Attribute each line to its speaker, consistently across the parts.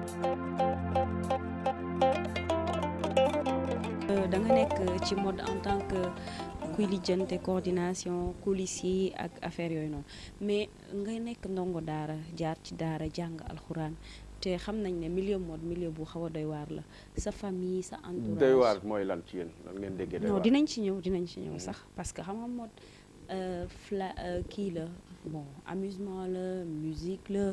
Speaker 1: Euh, da nga nekk ci mode en tant que kuy lijjante coordination coulisses ak affaire yooyu noonu mais nga nekk ndongo daara jaar ci daara jàng alxuraan te xam nañ ne milieu mode milieu bu xaw a doy waar la sa famille sa entourage. doy waar
Speaker 2: mooy lan ci yéen lan ngeen déggee doy dinañ
Speaker 1: ci ñëw dinañ ci ñëw hmm. sax parce que xam nga mode euh, fla euh, kii la bon amusement la musique la.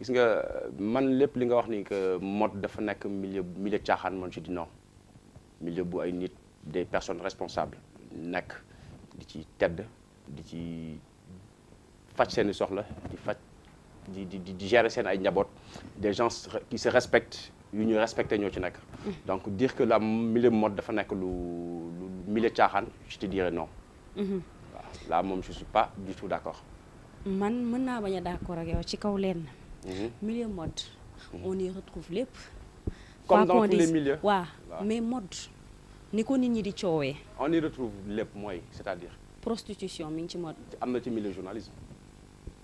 Speaker 2: gis nga man lepp li nga wax ni que mode dafa nek milieu milieu tiaxan man ci di non milieu bu ay nit des personnes responsables nek di ci tedd di ci faj seeni soxla di faj di di di gérer sen ay njabot des gens qui se respectent yu ñu respecté ñoo ci mm. donc dire que la milieu mode dafa nek lu milieu tiaxan je te dirais non. Mm-hmm. là moom je suis pas du tout d'accord.
Speaker 1: man mën baña d'accord ak yow ci kaw lenn. Mhm. milieu mode. Mhm. on y retrouve les,
Speaker 2: comme dans tous les milieux
Speaker 1: mais mode ni ko nit di on
Speaker 2: y retrouve les moyens, c'est-à-dire.
Speaker 1: prostitution minci
Speaker 2: ci mode. am ci milieu journalisme.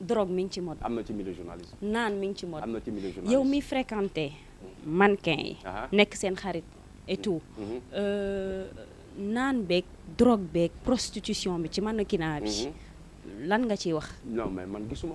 Speaker 2: drogue minci ci mode. am ci milieu journalisme.
Speaker 1: nan minci ci mode. am ci milieu journalisme yow mi fréquenté. Mhm. mannequin yi. nekk seen xarit et tout. Euh, nan beeg drogue beeg prostitution minci ci mannequinat bi.
Speaker 2: lan nga ci wax. non mais man gisuma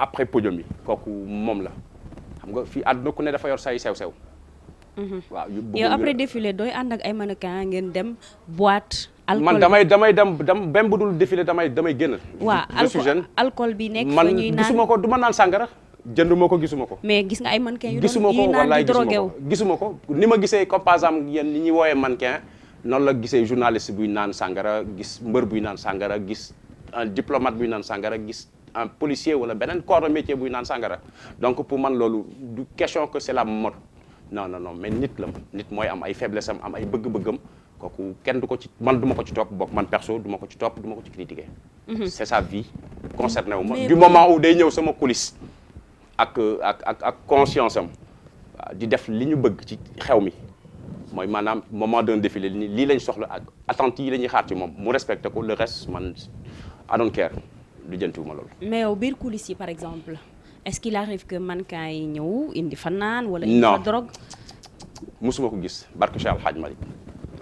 Speaker 2: après podium bi kooku moom la xam nga fii àdduna ku ne dafa yor say sew-sew mhm. waaw yow après
Speaker 1: défilé dooy ànd ak ay mannequin ngeen dem boîte alcool man damay
Speaker 2: damay dem dem même bu dul défilé damay damay génn waaw je suis jeune
Speaker 1: alcool bi nekk man gisuma
Speaker 2: ko du ma naan sàngara jënduma ko gisuma ko
Speaker 1: mais gis nga ay mannequin yu gisuma ko wallaay
Speaker 2: gisuma ko ni ma gisee comme par exemple yéen ni ñuy woowee mannequin noonu la gisee journaliste buy naan sàngara gis mbër buy naan sàngara gis un diplomate buy naan sàngara gis un policier wala beneen corps de métier buy naan sàngara donc pour man loolu du question que c'est la mode non non non mais nit la nit mooy am ay faiblesse am am ay bëgg-bëggam kooku ken du ko ci man du ma ko ci topp bokk man perso du ma ko ci topp du ma ko ci critiquer mhm. c'est sa vie concerné wu du moment où day ñëw sama coulisse ak ak ak conscience am di def li ñu bëgg ci xew mi mooy moment d'un défilé lii lañ soxla ak attentes yi la ñuy xaar ci moom mu respecté ko le reste man I don't care
Speaker 1: mais au bir coulisses par exemple est-ce qu'il arrive que mannequin yi indi fa wala indi fa drogue non
Speaker 2: mosuma ko gis barke Cheikh Al Hadj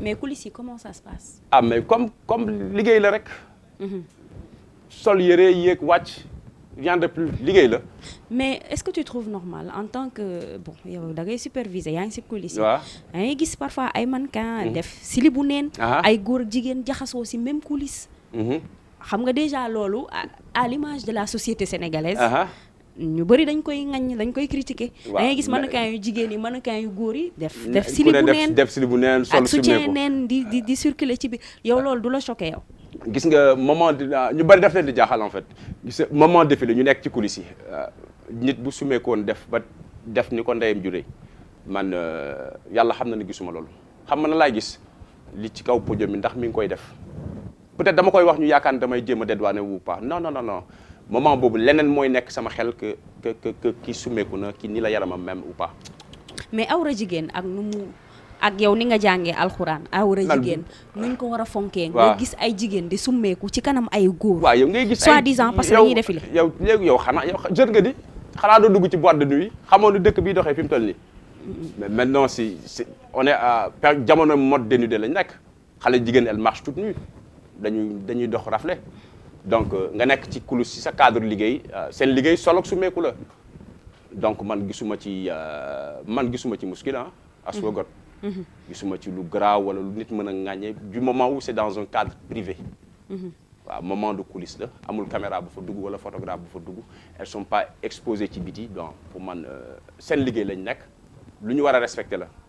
Speaker 1: mais coulisses comment ça se passe.
Speaker 2: ah mais comme comme liguey la rek. Mhm. sol yëre yéeg wàcc. de plus liguey la.
Speaker 1: mais est-ce que tu trouves normal en tant que bon yow da ngay superviser yaa ngi si coulisses. waaw da ngay gis parfois ay mannequin mhm. def silibu nen ay góor jigéen ci même coulisse. Mhm xam nga déjà loolu à l'image de la société sénégalaise ñu bëri dañ koy ŋaññ dañ koy critiquer da ngay gis mannequin yu jigéen yi mannequin yu góor yi def
Speaker 2: def silibu neen def silibu neen sol ak soutien
Speaker 1: neen di di di circuler ci bi yow loolu du la choqué yow
Speaker 2: gis nga moment ah, ñu bëri def leen di jaaxal en fait gis moment défilé ñu nekk ci coulisses yi ah, nit bu sumeekoon def ba def ni ko ndeyam juree man euh, yàlla xam na ne gisuma loolu xam na laay gis li ci kaw podium bi ndax mi ngi koy def peut-être dama koy wax ñu yaakaar ne damay jéem a dédouané ou pas non non non non moment boobu leneen mooy nekk sama xel que que que que kii summeeku na ki ni la yaramam même ou pas.
Speaker 1: mais awra Jigen, ak nu mu ak yow ni nga jangé alcorane awra jigen nuñ ko wara fonké nga gis ay jigen di summeeku ci kanam ay
Speaker 2: goor wa yow ngay gis ay disant parce que dañuy défilé. yow léegi yow xana yow jot nga di xala do dugg ci boîte de nuit xamone nu bi doxé fi tolli mais maintenant si on est à jamono mode de lañ nek xale jigen elle marche toute nue dañuy dañuy dox rafle donc euh, nga nek ci coulisse ci sa cadre liguey euh, sen liguey solo su meeku la donc man gisuma ci euh, man gisuma ci muskil ah mhm. aswa got mhm. gisuma ci lu garaaw wala lu nit mën ngagne du moment où c'est dans un cadre privé mhm. wa moment de coulisse la amul caméra bu fa dugg wala photographe bu fa dugg elles sont pas exposées ci biti donc pour man sen liguey lañ nek lu ñu war respecter la